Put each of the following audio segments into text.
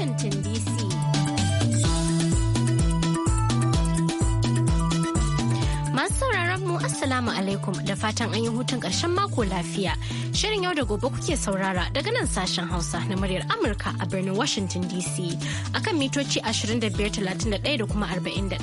Washington DC. Masu sauraron mu Assalamu alaikum da fatan an yi hutun ƙarshen mako lafiya. Shirin yau da gobe kuke saurara daga nan sashen Hausa na muryar Amurka a birnin Washington DC akan mitoci 25,31 da kuma 41.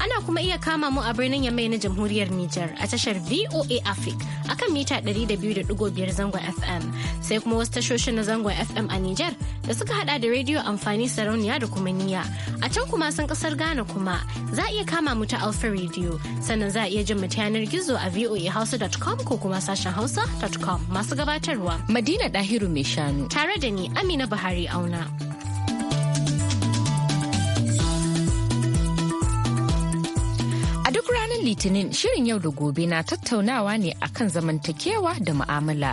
Ana kuma iya kama mu a birnin Yamai na Jamhuriyar Nijar a tashar VOA Africa akan mita 200.5 zangon FM. Sai kuma wasu tashoshin na zangon FM a Nijar da suka hada da rediyo amfani sarauniya da kuma niya. A can kuma sun kasar Ghana kuma za a iya kama mu ta Alpha Radio sannan za a iya jin mu ta yanar gizo a voahausa.com ko kuma sashen hausa.com masu gabatarwa. Madina Dahiru mai shanu. Tare da ni Amina Buhari Auna. Litinin shirin yau da gobe na tattaunawa ne akan zamantakewa da mu'amala.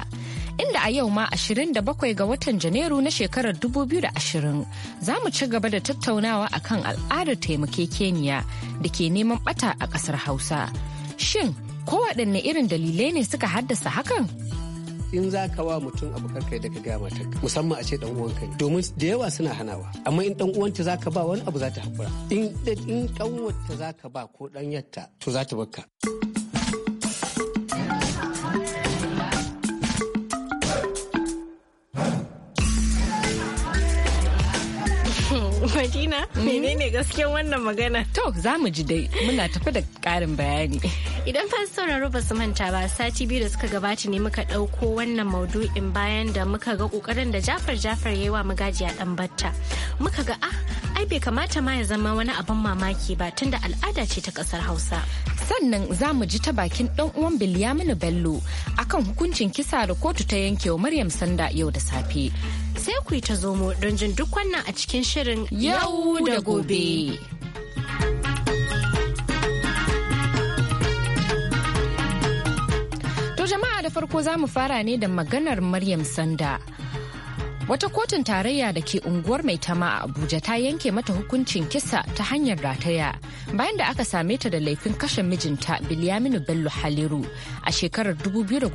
Inda a yau ma 27 ga watan Janairu na shekarar 2020 za mu ci gaba da tattaunawa akan al'adar taimakekeniya da ke neman bata a ƙasar Hausa. Shin, kowaɗanne irin dalilai ne suka haddasa hakan? in za ka wa mutum abu karkai da ka gaya musamman a ce dan uwan ne domin da yawa suna hanawa amma in dan uwanta za ka ba wani abu za ta haƙura in dan uwanta za ka ba ko dan yatta to za ta bakka. Madina, mm. menene gaskiyan wannan magana? To, za mu ji dai, muna tafi da ƙarin bayani. Idan fa sauraro ba su manta ba, sati biyu da suka gabata ne muka ɗauko wannan maudu'in bayan da muka ga ƙoƙarin da Jafar Jafar ya yi wa magajiya ɗan batta. Muka ga, ah, ai bai kamata ma ya zama wani abin mamaki ba tunda al'ada ce ta ƙasar Hausa. sannan za mu ji ta bakin ɗan uwan bilyaminu bello akan hukuncin kisa da kotu ta yankewa maryam sanda yau da safe sai ku yi ta zomo don jin duk wannan a cikin shirin yau da gobe. To jama'a da farko za mu fara ne da maganar Maryam Sanda. Wata kotun tarayya da ke unguwar mai tama a Abuja ta yanke mata hukuncin kisa ta hanyar rataya bayan da aka same ta da laifin kashe mijinta Bilyaminu Bello Haliru a shekarar 2017.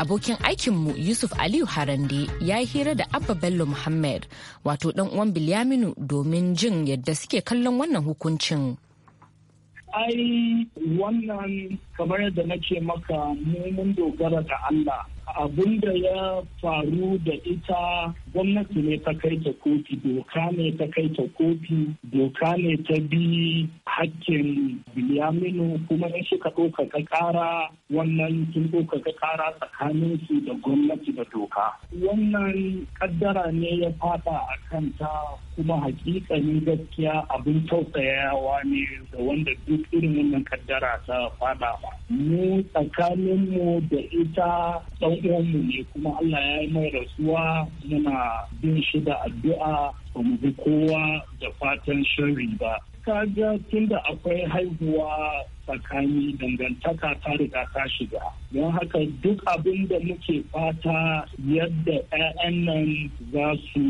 Abokin aikinmu Yusuf Aliyu Harande ya yi hira da Abba Bello Muhammad wato dan uwan Bilyaminu domin jin yadda suke kallon wannan hukuncin. ai wannan kamar yadda nake maka mun dogara da Allah abin da ya faru da ita gwamnati ne ta kai ta kofi doka ne ta kai ta kofi doka ne ta bi hakkin biliyaminu kuma in suka ɗaukaka ƙara wannan sun ɗaukaka ƙara tsakanin su da gwamnati da doka wannan ƙaddara ne ya fada a kanta kuma hakikanin gaskiya abin tausayawa ne da wanda duk irin wannan ƙaddara ta fada mu tsakaninmu da ita dan uwanmu ne kuma Allah ya yi mai rasuwa muna bin shi da addu'a ba mu bi kowa da fatan shari ba kaga da akwai haihuwa tsakani dangantaka ta riga ta shiga don haka duk abin da muke fata yadda 'ya'yan nan za su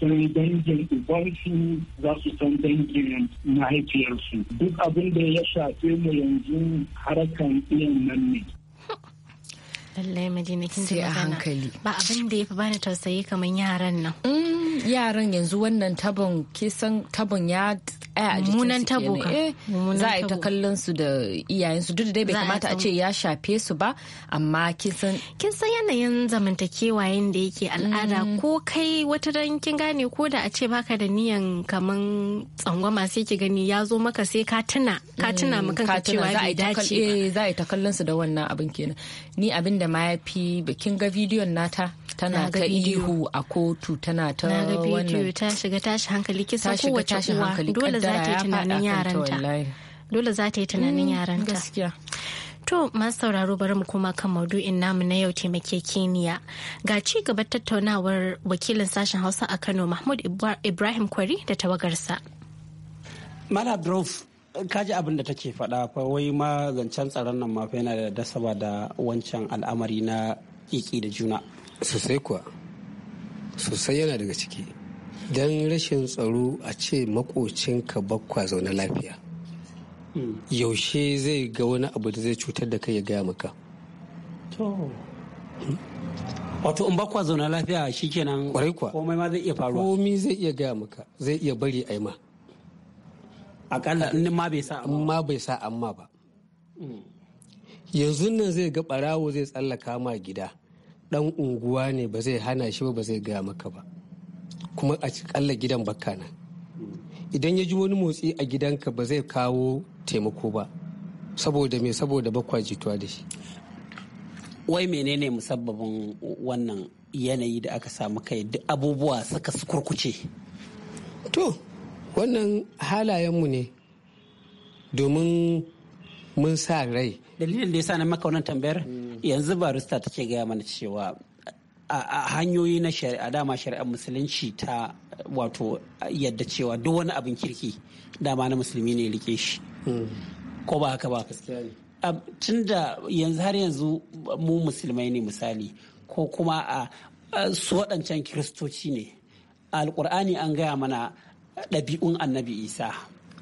san dangin ubansu za su san dangin mahaifiyarsu duk abin da ya shafe mu yanzu harkan iyan nan ne lallai madina kin sai a hankali ba abin da yafi bani tausayi kamar yaran nan mm, yaran yanzu wannan tabon kisan tabon ya munan a jikin tabo eh, za a yi ta kallon su da iyayensu duk da dai bai kamata a ce ya shafe su ba amma kisan kin san yanayin zamantakewa yanda yake al'ada mm. ko kai wata ran kin gane ko da a ce baka da niyan kaman tsangwama sai ki gani ya zo maka sai ka tuna ka tuna maka mm, cewa bai dace ba eh, za a yi ta kallon su da wannan abin kenan ni abin da da ma bikin ga bidiyon nata tana ta ihu a kotu tana ta wannan ta shiga tashi hankali kisa kowace uwa dole za ta yi tunanin yaranta dole za ta yi tunanin yaranta gaskiya To masu sauraro bari mu kuma kan maudu'in namu na yau taimakekeniya. Ga ci gaban tattaunawar wakilin sashen Hausa a Kano Mahmud Ibrahim Kwari da tawagarsa. Mala Brof, kaji abin da take faɗa fa wai ma zancen tsaron nan mafi yana da dasaba da wancan al'amari na kiki da juna sosai kuwa sosai yana daga ciki don rashin tsaro a ce makocinka bakwa zaune lafiya hmm. yaushe zai ga wani abu da zai cutar da kai ya gaya maka wato in bakwa zaune lafiya shikenan kwarai kuwa komai ma zai iya faruwa komai zai iya gaya maka zai iya bari aima akalla in ma bai sa amma bai sa amma ba yanzu nan zai ga barawo zai tsallaka ma gida dan unguwa ne ba zai hana shi ba ba zai gaya maka ba kuma a kalla gidan bakka nan idan ya ji wani motsi a gidanka ba zai kawo taimako ba saboda me saboda bakwa jituwa da shi wai menene musabbabin wannan yanayi da aka samu kai duk abubuwa suka kurkuce to wannan halayenmu ne domin mun sa rai dalilin da ya sa na maka wannan tambayar yanzu barista take gaya mana cewa a hanyoyi na shari'a dama shari'ar musulunci ta wato yadda cewa duk wani abin kirki dama na musulmi ne rike shi mm. ko ba haka ba tun da yanzu har yanzu mu musulmai ne misali ko kuma a su waɗancan kiristoci ne alkur'ani an gaya mana ɗabi'un annabi isa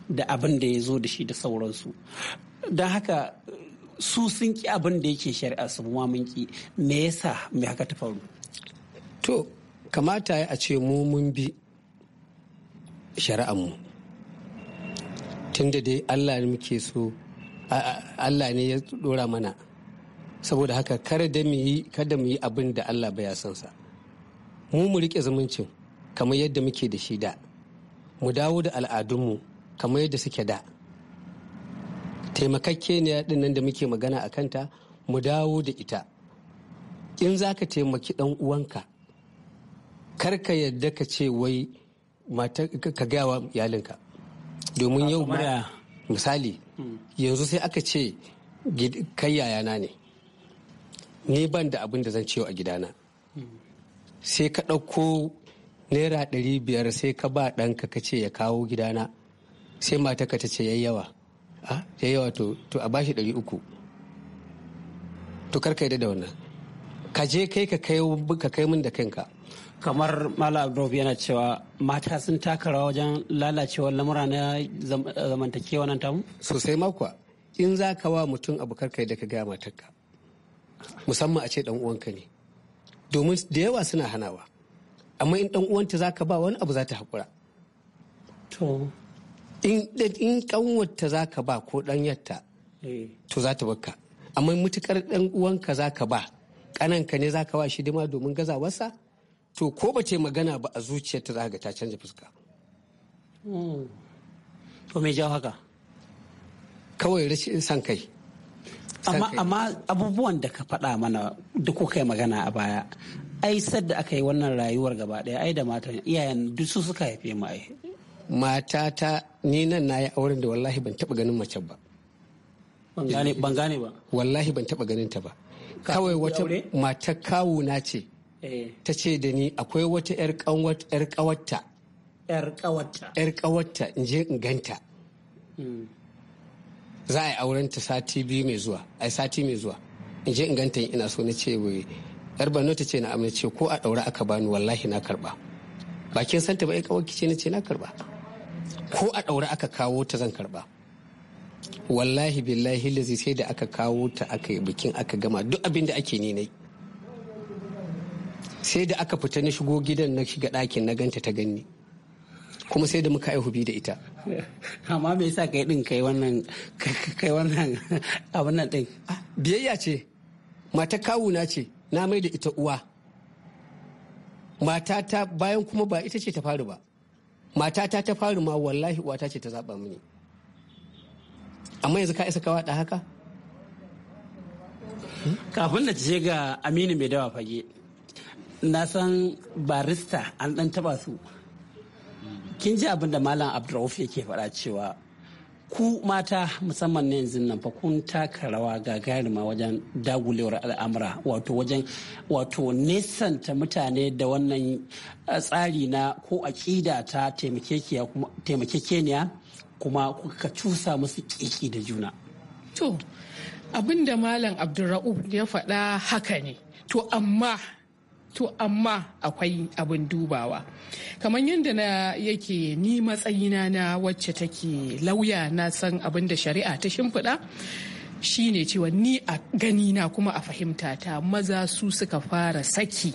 da abin da ya zo da shi da sauransu don haka su sun ki abin da yake shari'a su ma mun ki me yasa me haka ta faru to kamata a ce mu mun bi mu tunda dai allah ne muke so allah ne ya dora mana saboda haka kar da mu yi kada mu yi abin da allah bai san sa mu mu rike zumuncin kamar yadda muke da shi da mu dawo da al'adunmu kamar yadda suke da taimakakke ne nan da muke magana a kanta mu dawo da ita in za ka taimaki ɗan uwanka kar ka yadda ka ce wai ka gaya wa iyalinka domin yau misali hmm. yanzu sai aka ce kai yayana ne ni ban da abin da zan ciwo a gidana hmm. sai ka ɗauko naira ɗari biyar sai ka ba ɗanka ka ce ya kawo gidana sai mataka ta ce yayyawa a ah, yayyawa to to a bashi ɗari uku to kar ka yi da wannan ka je kai ka kai ka kai min da kanka kamar mala abdurrahman yana cewa mata sun taka rawa wajen lalacewar lamura na zamantakewa nan tamu sosai makwa in za ka wa mutum abu karka da ka gaya matarka musamman a ce dan uwanka ne domin da yawa suna hanawa amma in dan uwanta zaka ba wani abu za ta haƙura to in in kanwarta zaka ba ko dan yatta eh. to za ta baka amma mutukar dan uwanka zaka ba kananka ne zaka ba shi dima domin gazawarsa to ko ba ce magana ba a zuciyarta za ga ta canza fuska hmm. to me jawo haka kawai rashin san kai amma abubuwan da ka faɗa mana da kuka yi magana a baya ai sadda aka yi wannan rayuwar gaba daya ai da matan iyayen duk su suka haife mu ai matata ni nan na yi auren da wallahi ban taba ganin mace ba ban gane ba wallahi ban taba ganin ta ba kawai wata mata kawu na ce eh. ta ce da ni akwai wata yar kawata yar kawata yar kawata in je in ganta hmm. za a yi auren ta sati biyu mai zuwa ai sati mai zuwa in je in ganta ina so na ce yar Borno ta ce na amince ko a ɗaura aka bani wallahi na karba bakin santa ba ƴan ce na ce na karba ko a ɗaura aka kawo ta zan karba wallahi billahi lazi sai da aka kawo ta aka yi bikin aka gama duk abin da ake ni sai da aka fita na shigo gidan na shiga ɗakin na ganta ta ganni kuma sai da muka aihu bi da ita amma me yasa kai din kai wannan kai wannan abin nan din ah, biyayya ce mata kawuna ce na mai da ita uwa matata bayan kuma ba ita ce ta faru ba matata ta faru ma wallahi uwata ce ta zaɓa mini amma yanzu ka isa kawa da haka kafin na ce ga aminu mai dawa fage na san barista an ɗan taba su kin ji abin da malam abdurrauf yake faɗa cewa ku mata musamman na yanzu nan fa kun taka rawa ga gagarima wajen dagulewar al'amura wato wajen wato nesanta mutane da wannan eh, tsari na ko aƙida ta taimake taimakekeniya kuma kuka cusa musu kiki da juna to abinda malam Abdulra'u ya faɗa haka ne to amma to amma akwai abin dubawa kamar yadda na yake ni matsayina na wacce take lauya na san abin da shari'a ta shimfiɗa shine cewa ni a gani na kuma a fahimta ta maza su suka fara saki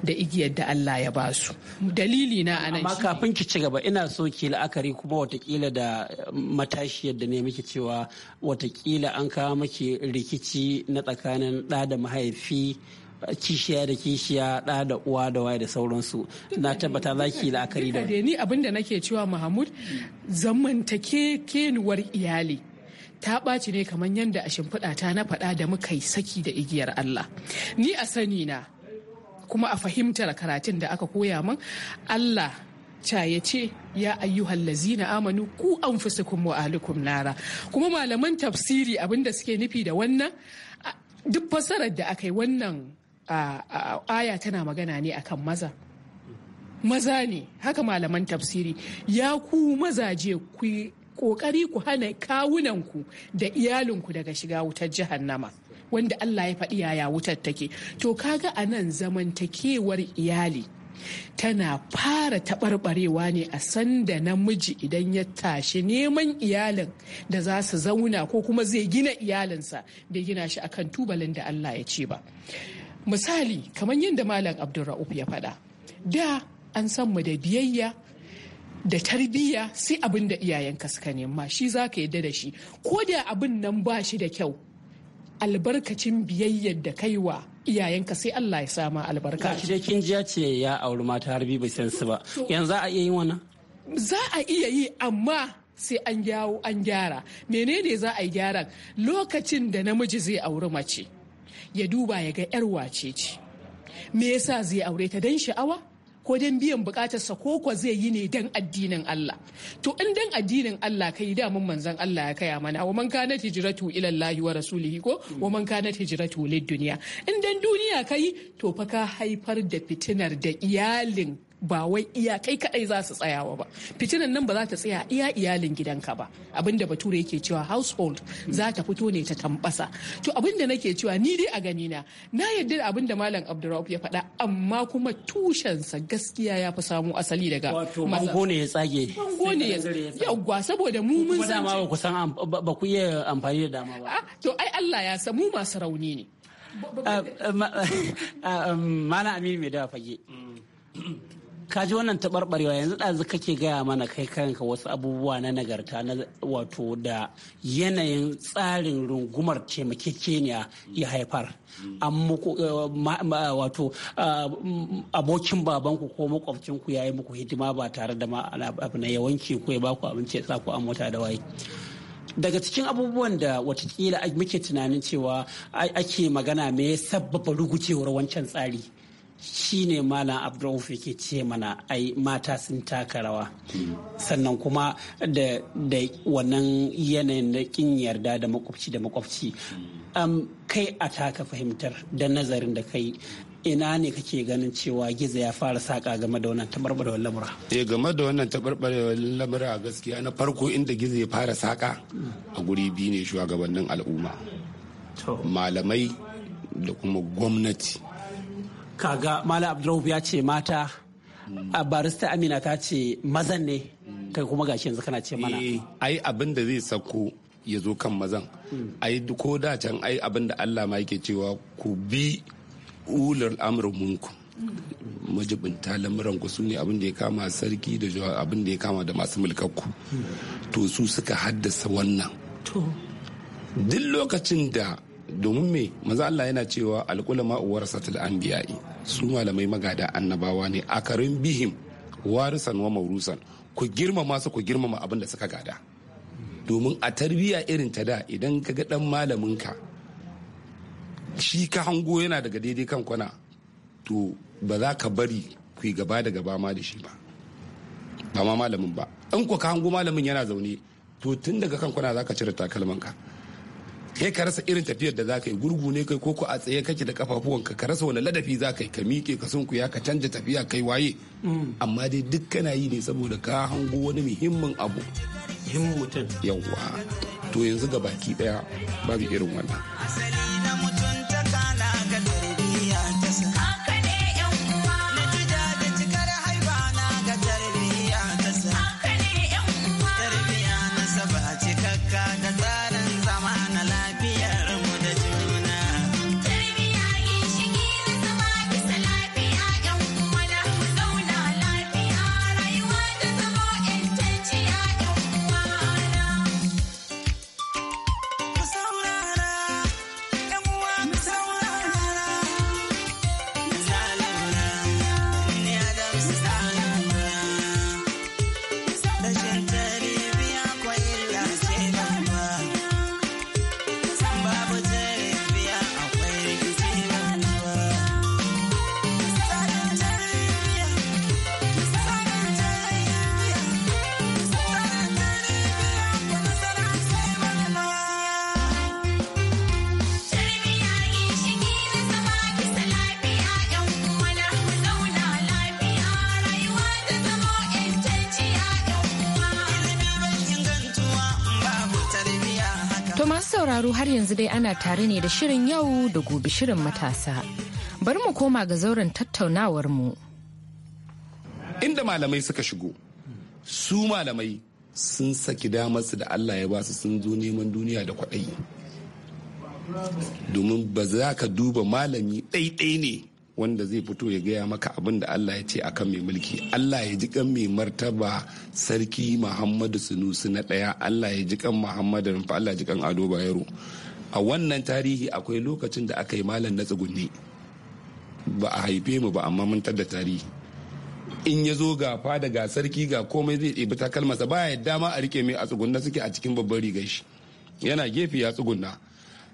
da igiyar da Allah ya ba su. Dalili na anan Amma kafin ki ci gaba ina so ki la'akari kuma watakila da matashiyar da ne miki cewa watakila an kawo maki rikici na tsakanin ɗa da mahaifi kishiya da kishiya da da uwa da waye da sauransu na tabbata za ki la'akari da ni abin da nake cewa mahmud kenuwar iyali ta ɓaci ne kamar yadda a shimfiɗa ta na faɗa da muka saki da igiyar Allah. Ni a sani na kuma a fahimtar karatun da aka koya min Allah ca ya ce ya ayyuhal lazina amanu ku anfusukum wa ahlikum nara kuma malaman tafsiri abinda suke nufi da wannan duk fasarar da aka yi wannan aya tana magana ne akan maza maza ne haka malaman tafsiri ya ku mazaje ku kokari ku hana kawunanku da iyalinku daga shiga wutar jahannama wanda Allah ya faɗi yaya wutar take to kaga a nan zamantakewar iyali tana fara taɓarɓarewa ne a sanda namiji idan ya tashi neman iyalin da za su zauna ko kuma zai gina iyalinsa da gina shi akan tubalin da Allah ya ce ba misali kamar yadda malam abdulra'uf ya faɗa da an san mu da biyayya da tarbiyya sai abin da iyayenka suka nema shi za ka yadda da shi ko da abin nan ba shi da kyau albarkacin biyayyar da kai wa iyayenka sai Allah ya sama albarka. Shi da kin jiya ce ya auri mata har bi san su ba. Yanzu a iya yin wannan? Za a iya yi amma sai an gyawo an gyara. Menene za a yi gyaran lokacin da namiji zai auri mace? ya duba ya ga yar wace ce me yasa zai aure ta dan sha'awa ko dan biyan bukatarsa ko kwa zai yi ne dan addinin Allah to in dan addinin Allah kai da mun manzon Allah ya kaya mana wa man kana hijratu ila Allah wa rasulihi ko wa man kana hijratu lid dunya in dan duniya kai to fa ka haifar da fitinar da iyalin ba wai iya kai kadai za su tsayawa ba fitinan nan ba za ta tsaya iya iyalin gidanka ba abinda bature yake cewa household za ta fito ne ta tambasa to abinda nake cewa ni dai a gani na na yarda da abinda malam abdurrauf ya faɗa amma kuma tushensa gaskiya ya fi samu asali daga wato ne ya tsage mango ne ya yawwa saboda mu mun san ba ku san ba ku iya amfani da dama ba ah, to ai Allah ya san mu masu rauni ne ah, ah, Mana um, Aminu mai dawa fage. Mm. ka ji wannan taɓarɓarewa yanzu ɗazu kake gaya mana kai kanka wasu abubuwa na nagarta na wato da yanayin tsarin rungumar taimakekeniya ya haifar eh, wato ah, mm, abokin babanku ko makwabcinku ya yi muku hidima ba tare da ma abu na yawanci ko ya baku abinci ya ku a mota da waye daga cikin abubuwan da watakila muke tunanin cewa ake magana me sabbaba rugucewar wancan tsari Shi ne malam fi yake ce mana ai mata sun taka rawa sannan kuma da wannan yanayin da kin yarda da makwabci da makwabci kai a taka fahimtar da nazarin da kai ina ne kake ganin cewa giza ya fara saka game da wannan tabarbarewar lamura eh game da wannan tabarbarewar lamura gaskiya na farko inda giza ya fara saka a guri biyu ne shugabannin al'umma malamai da kuma gwamnati kaga Malam Abdurrahman ya ce mata a barista Amina ta ce mazan ne mm. kai kuma gashi yanzu kana ce mana eh, ai abin da zai sako ya zo kan mazan mm. ai ko da can ai abin da Allah ma yake cewa ku bi ulul amrin munku mm. majibinta lamuran ku su abin da ya kama sarki da abin da ya kama da masu mulkakku to su suka haddasa wannan duk lokacin da domin me maza Allah yana cewa alƙulama warasatul anbiya'i su malamai magada annabawa ne akarin bihim warisan wa maurusan ku girmama su ku girmama abin da suka gada domin a tarbiyya irin ta da idan ka ga dan malamin ka shi ka hango yana daga daidai kan kwana to ba za ka bari ku yi gaba da gaba ma da shi ba ba ma malamin ba in ku ka hango malamin yana zaune to tun daga kan kwana za ka cire takalmanka kai ka rasa irin tafiyar da zaka yi gurgu ne kai koko a tsaye kake da kafafuwan ka rasa wani ladafi zaka yi ka miƙe ka sunkuya ka canja tafiya kai waye amma dai duk kana yi ne saboda ka hango wani muhimmin abu muhimmin mutum yawwa to yanzu ga baki daya babu irin wannan sauraro har yanzu dai ana tare ne da shirin yau da gobe shirin matasa. Bari mu koma ga zauren tattaunawar mu. Inda malamai suka shigo, su malamai sun saki damar su da Allah ya basu sun zo neman duniya da kwaɗayi. Domin ba za ka duba malami ɗaiɗai ne wanda zai fito ya gaya maka abin da Allah ya ce akan mai mulki Allah ya ji kan mai martaba sarki Muhammadu Sunusu na ɗaya Allah ya ji kan Muhammadu Rumfa Allah ya ji kan Ado Bayero a wannan tarihi akwai lokacin da aka yi malam na tsugunni ba a haife mu ba amma mun da tarihi in ya zo ga fada ga sarki ga komai zai ɗebi takalmasa ba ya dama a rike mai a tsugunna suke a cikin babban rigar shi yana gefe ya tsugunna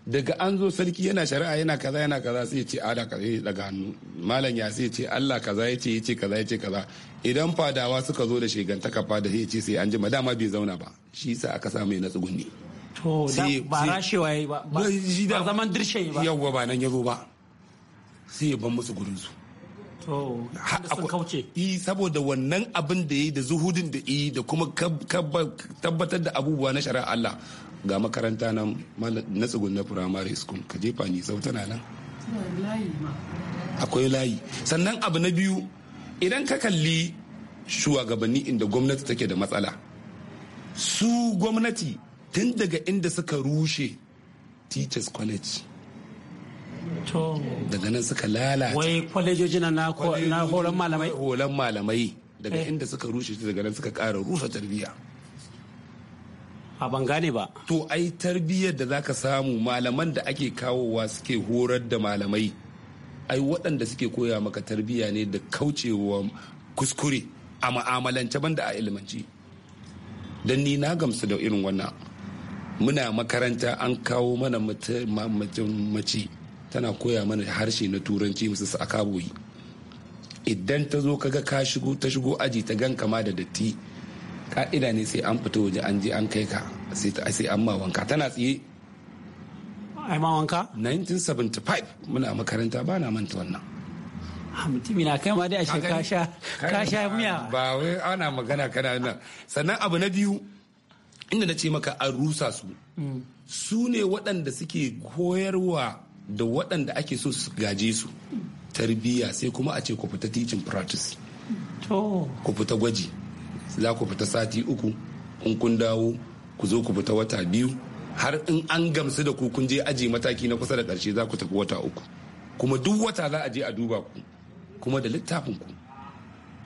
daga an zo sarki yana shari'a yana kaza yana kaza sai ce ada kaza daga hannu malam ya sai ce Allah kaza ya ce ya ce kaza ya ce kaza idan fadawa suka zo da shegantaka fada sai ce sai an jima dama bai zauna ba shi sa aka samu ya na tsugunni to da ba rashewa yayi ba ba zaman dirshe ba yawwa ba nan yazo ba sai ya ban musu gurin su yi oh, e, saboda wannan abin da yi da zuhudin da yi da kuma tabbatar da abubuwa na shari'a Allah ga makaranta na na tsugun primary school ka jefa ni sau nan akwai layi sannan abu na biyu idan ka kalli shugabanni inda gwamnati take da matsala su gwamnati tun daga inda suka rushe teachers college daga nan suka lalata wai kwalejoji na horon malamai horon malamai daga eh. inda suka rushe shi daga nan suka ƙara rusa tarbiyya a ban gane ba to ai tarbiyyar da zaka samu malaman da ake kawowa suke horar da malamai ai waɗanda suke koya maka tarbiyya ne da kaucewa kuskure a ma'amalance banda a ilimanci don ni na gamsu da irin wannan muna makaranta an kawo mana mace tana koya mana harshe na turanci musu akaboyi idan ta zo kaga ka shigo ta shigo aji ta gan kama da datti ka'ida ne sai an fita waje an je an kai ka sai an ma wanka tana tsaye ai ma wanka 1975 muna makaranta ba na manta wannan ah, mutumi na kai ma dai a ka sha ka sha ah, miya ba wai ana magana kana nan sannan abu na biyu inda na ce maka an rusa su mm. su ne waɗanda suke koyarwa da waɗanda ake so su gaje su tarbiyya sai kuma a ce ku fita teaching practice ku fita gwaji za ku fita sati uku in kun dawo ku zo ku fita wata biyu har in an gamsu da ku kun je aji mataki na kusa da ƙarshe za ku tafi wata uku kuma duk wata za a je a duba ku kuma da littafin ku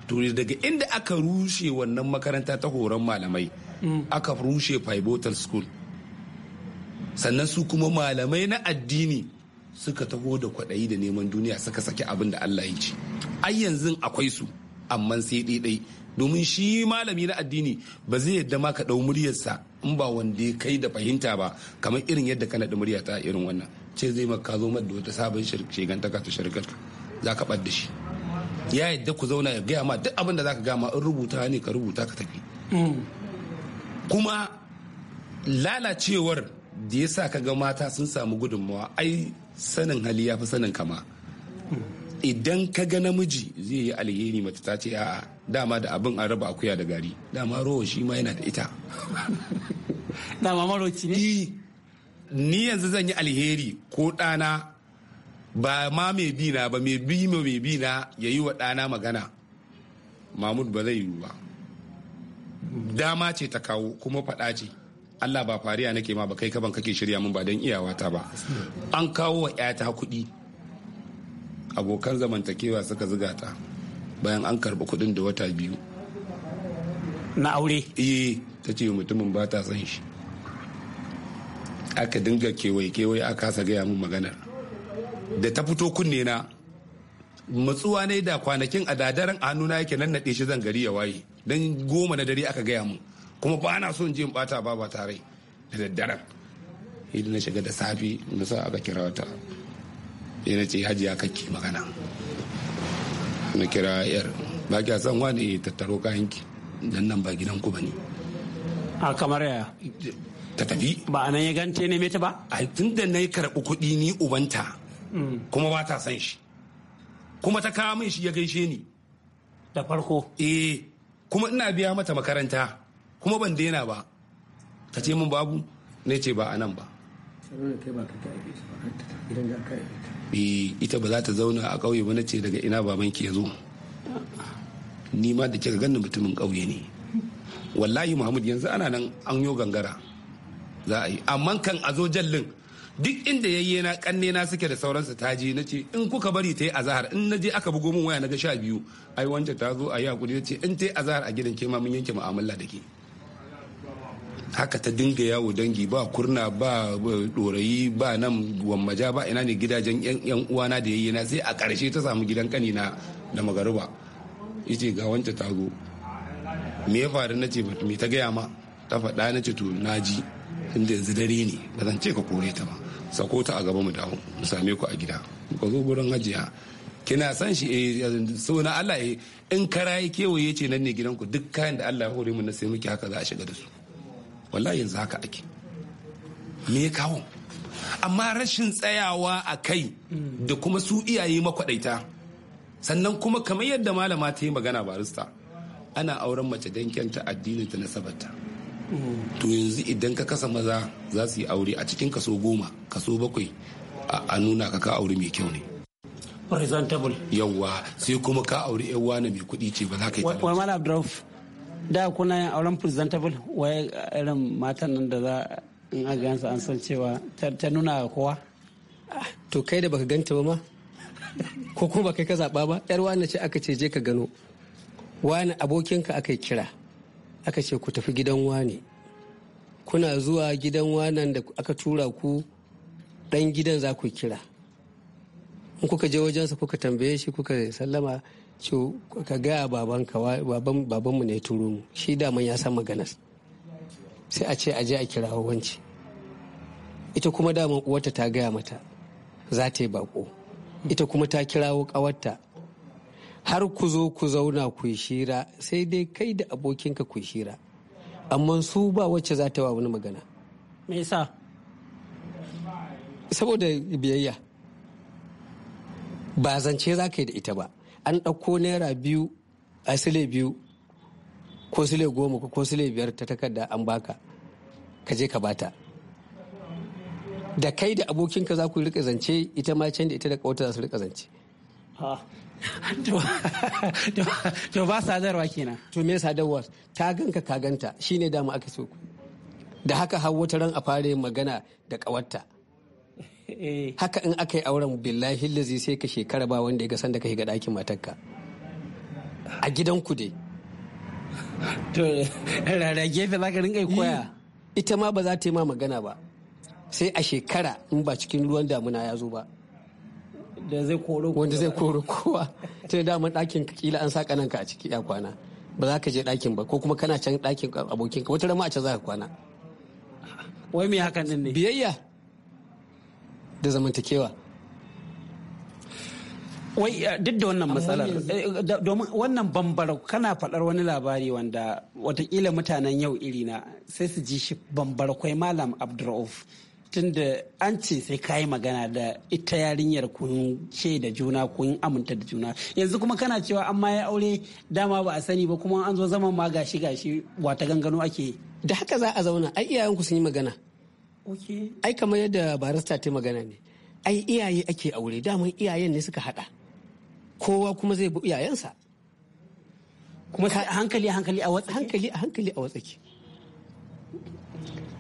to daga inda aka rushe wannan makaranta ta horon malamai mm. aka rushe pivotal school sannan su kuma malamai na addini suka taho da kwaɗayi da neman duniya suka saki abin da Allah ya ce ai yanzu akwai su amma sai ɗaiɗai domin shi malami na addini ba zai yadda ma ka ɗau muryarsa in ba wanda ya kai da fahimta ba kamar irin yadda ka naɗi murya ta irin wannan ce zai maka zo da wata sabon shigantaka ta shirkar za ka ɓad shi ya yadda ku zauna ya gaya ma duk abin da za ka ma in rubuta ne ka rubuta ka tafi mm. kuma lalacewar da ya sa ka ga mata sun samu gudunmawa ai sanin hali ya fi sanin kama idan ka ga namiji zai yi alheri mace ta ce a'a dama da abin an raba akuya da gari dama rowa shi ma yana da ita dama maroci ne eh, ni yanzu zan yi alheri ko ɗana ba ma mai bi na ba mai bi ma mai bi na ya yi wa ɗana magana mahmud ba zai yiwu ba dama ce ta kawo kuma faɗa ce Allah ba fariya nake ma ba kai kaban kake shirya min ba don iyawata ba an kawo wa ƴata kuɗi abokan zamantakewa suka zuga ta bayan an karɓi kuɗin da wata biyu na aure iye eh, ta ce mutumin ba ta san shi aka dinga kewaye kewaye a kasa gaya min maganar da ta fito kunne na matsuwa ne da kwanakin a dadaren hannuna yake nan naɗe shi zan gari ya waye don goma na dare aka gaya mun kuma ba na son jin bata ba ba tare da daddare. idan na shiga da safi na sa aka kira wata ya na ce hajiya kake magana na kira yar ba kya san wani tattaro ki dan nan ba gidan ku bane a kamar ya ta tafi ba anan ya gante ne ta ba a tun da na yi karɓi kuɗi ni ubanta mm. kuma ba ta san shi kuma ta kawo min shi ya gaishe ni da farko eh kuma ina biya mata makaranta kuma ban daina ba ka ce min babu na ce ba a nan ba ita ba za ta zauna a ƙauye ba na ce daga ina baban ke zo ni ma da kika ganin mutumin ƙauye ne wallahi muhammad yanzu ana nan an yo gangara za a yi amma kan a zo jallin duk inda yayye na kanne na suke da sauransu ta je na ce in kuka bari ta yi azahar in na je aka bugo min waya na ga sha biyu ai wancan ta zo a yi hakuri na ce in ta yi azahar a gidan ke ma mun yanke mu'amala da ke haka ta dinga yawo dangi ba kurna ba dorayi ba nan wammaja ba ina ne gidajen yan uwana da yayi na sai a ƙarshe ta samu gidan kani na da magaruba yace ga wanta tago me ya faru na ce me ta gaya ma ta faɗa na ce to na ji inda yanzu dare ne ba zan ce ka kore ta ba sako ta a gaba mu dawo mu same ku a gida ku zo gurin hajiya kina san shi eh so na Allah eh in kara ya kewaye ce nan ne gidanku duk kayan da Allah ya hore mu na sai muke haka za a shiga da su wallahi yanzu haka ake me ya kawo amma rashin tsayawa a kai da kuma su iyaye makwaɗaita sannan kuma kamar yadda malama ta yi magana barista ana auren mace don kyanta addinin ta nasabarta to yanzu idan ka kasa maza za su yi aure a cikin kaso goma kaso bakwai a nuna ka ka aure mai kyau ne presentable yawwa sai kuma ka aure yawwa na mai kuɗi ce ba za ka yi talauci da kuna yin auren presentable wai uh, irin matan nan da za in a gansa an san cewa ta nuna kowa to kai da baka ganta ba ma ko kuma kai ka zaba ba yar wani ce aka ce je ka gano wani abokinka aka kira aka ce ku tafi gidan wani kuna zuwa gidan wanan da aka tura ku dan gidan za ku kira in kuka je wajensa kuka tambaye shi kuka sallama ce ka gaya baban babanmu ne turo mu shi daman ya san magana sai a ce a je a kira wanci ita kuma daman uwarta ta gaya mata za ta yi bako ita kuma ta kirawo kawarta har ku zo ku zauna ku yi shira sai dai kai da abokinka ku yi shira amma su ba wacce za ta wa wani magana me yasa saboda biyayya ba zance za ka yi da ita ba an ɗauko naira biyu a sile biyu ko sile goma ko sile biyar ta takarda an baka ka je ka bata da kai da abokinka za ku rika zance ita ma can da ita da kawata za su rika zance to ba sadarwa kenan to me sadarwa ta ganka ka ganta shine dama aka so da haka har wata ran a fara magana da kawarta Eh. haka in aka yi auren billahi lazi sai ka shekara ba wanda ya ga sanda ka shiga ɗakin matarka a gidan ku dai to rara gefe za ka rinka koya eh, ita ma ba za ta yi ma magana ba sai a shekara in ba cikin ruwan damuna ya zo ba da zai koro wanda zai koro kowa ta da daman ɗakin kila an sa kananka a ciki ya kwana ba za ka je ɗakin ba ko kuma kana can ɗakin abokinka wata rama a can za ka kwana wai me hakan din ne biyayya da zamantakewa wai eh, duk da wannan matsalar eh, eh, domin wannan bambara kana faɗar wani labari wanda watakila mutanen yau irina sai su ji shi bambara kwai malam abdurrauf tunda an ce sai ka yi magana da ita yarinyar kun ce da juna kun aminta da juna yanzu kuma kana cewa an ma ya aure dama ba a sani ba kuma an zo zaman ma gashi gashi wata gangano ake da haka za a zauna ai iyayenku sun yi magana ai kamar yadda barista ta magana ne ai iyaye ake aure damar iyayen ne suka hada kowa kuma zai bi iyayensa kuma hankali a hankali a watsa hankali a hankali a watsaki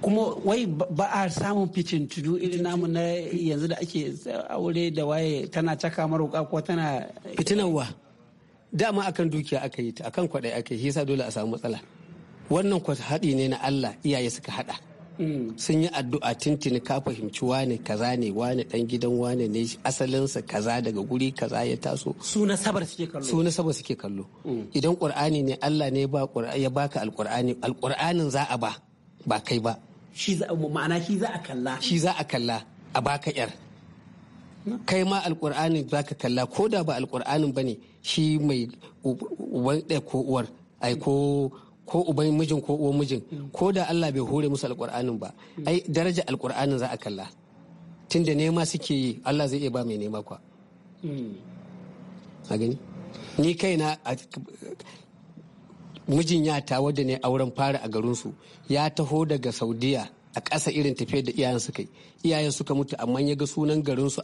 kuma wai ba a samun ficin tudu irin namu na yanzu da ake aure da waye tana caka maroka ko tana fitinarwa dama akan dukiya aka yi ta akan kwadai aka yi sa dole a samu matsala wannan kwat haɗi ne na Allah iyaye suka haɗa sun yi addu'a tintini ka fahimci wane kaza ne wane dan gidan wane ne asalinsa kaza daga guri kaza ya taso su na sabar suke kallo Suna sabar suke kallo mm. idan qur'ani ne Allah ne ba ya baka alqur'ani alqur'anin za a ba ba kai ba shi za ma'ana shi za a kalla shi za a kalla a baka yar mm. kai ma alqur'ani za ka kalla ko da ba alqur'anin bane shi mai uban ko uwar ai ko ko uban mijin ko uwan mijin ko da Allah bai hore musu alkur'anin ba ai daraja alkur'anin za a kalla tunda nema suke yi Allah zai iya ba mai nema kwa a gani ni kaina mijin ta wadda ne auren fara a garinsu ya taho daga saudiya a ƙasa irin tafiyar da iyayen su kai iyayen suka mutu amma ya ga sunan garinsu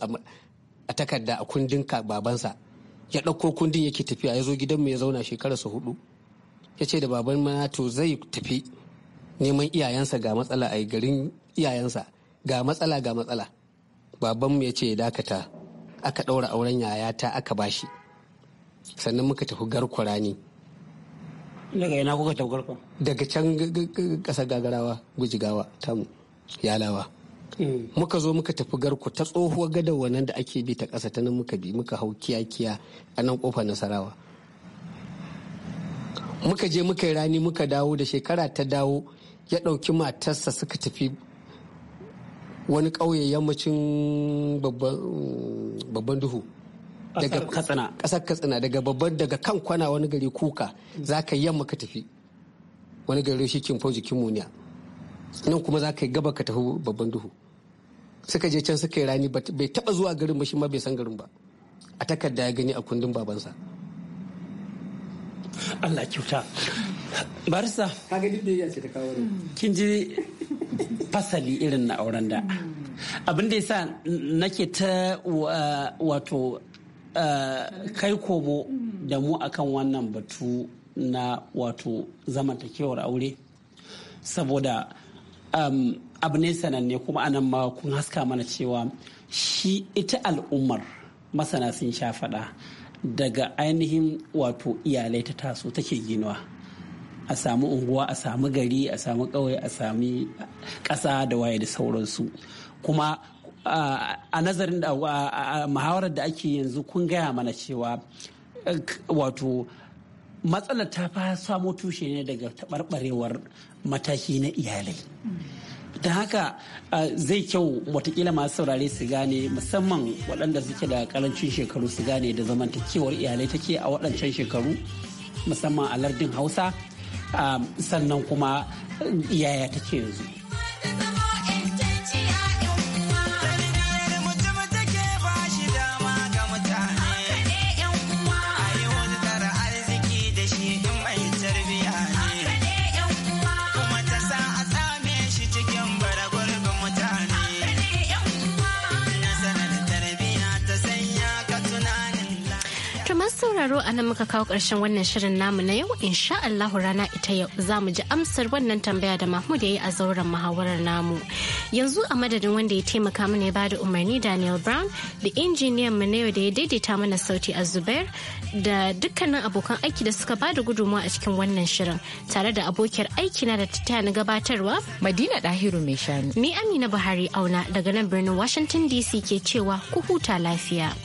a takarda a kundin babansa ya ɗauko kundin yake tafiya ya zo gidan mu ya zauna su hudu ya ce da baban ma to zai tafi neman iyayensa ga matsala a garin iyayensa ga matsala ga matsala babanmu ya ce ya dakata aka ɗaura auren yayata aka bashi sannan muka tafi garkwara ne daga ina kuka tafi garkwara daga can ƙasa gagarawa gujigawa tamu yalawa hmm. muka zo muka tafi garku ta tsohuwar gadar wannan da ake bi ta ƙasa ta nan muka bi muka hau kiyakiya a nan ƙofar nasarawa muka je muka yi rani muka dawo da shekara ta dawo ya ɗauki matarsa suka tafi wani ƙauye yammacin babban duhu daga katsina ƙasar katsina daga babban daga kan kwana wani gari kuka za ka yamma ka tafi wani gari shi kin jikin muniya nan kuma za ka yi gaba ka tafi babban duhu suka je can suka yi rani bai taba zuwa garin ba shi ma bai san garin ba a takarda ya gani a kundin babansa Allah kyauta barista kaga duk da ce ta kawo kin ji fasali irin na auren da abin da yasa nake ta wato eh, kai kobo da mu akan wannan batu na wato zamantakewar aure saboda um, abu ne sananne kuma anan ma kun haska mana cewa shi ita al'ummar masana sun sha faɗa daga ainihin wato iyalai ta taso take ginuwa a samu unguwa a samu gari a samu ƙauye a sami ƙasa da waye da sauransu kuma a nazarin da muhawarar da ake yanzu kun gaya mana cewa eh, wato matsalar ta fa samo tushe ne daga taɓarɓarewar mataki na iyalai da haka zai kyau watakila masu saurare su gane musamman waɗanda suke da karancin shekaru su gane da zamantakewar iyalai take a waɗancan shekaru musamman a lardin hausa sannan kuma yaya take yanzu sauraro a muka kawo ƙarshen wannan shirin namu na yau insha Allahu rana ita yau za mu ji amsar wannan tambaya da Mahmud ya yi a zauren muhawarar namu. Yanzu a madadin wanda ya taimaka mana ya bada umarni Daniel Brown da injiniyan mu na yau da ya daidaita mana sauti a Zubair da dukkanin abokan aiki da suka bada gudunmawa a cikin wannan shirin tare da abokiyar aiki na da ta na gabatarwa. Madina Dahiru mai shani. Ni Amina Buhari auna daga nan birnin Washington DC ke cewa ku huta lafiya.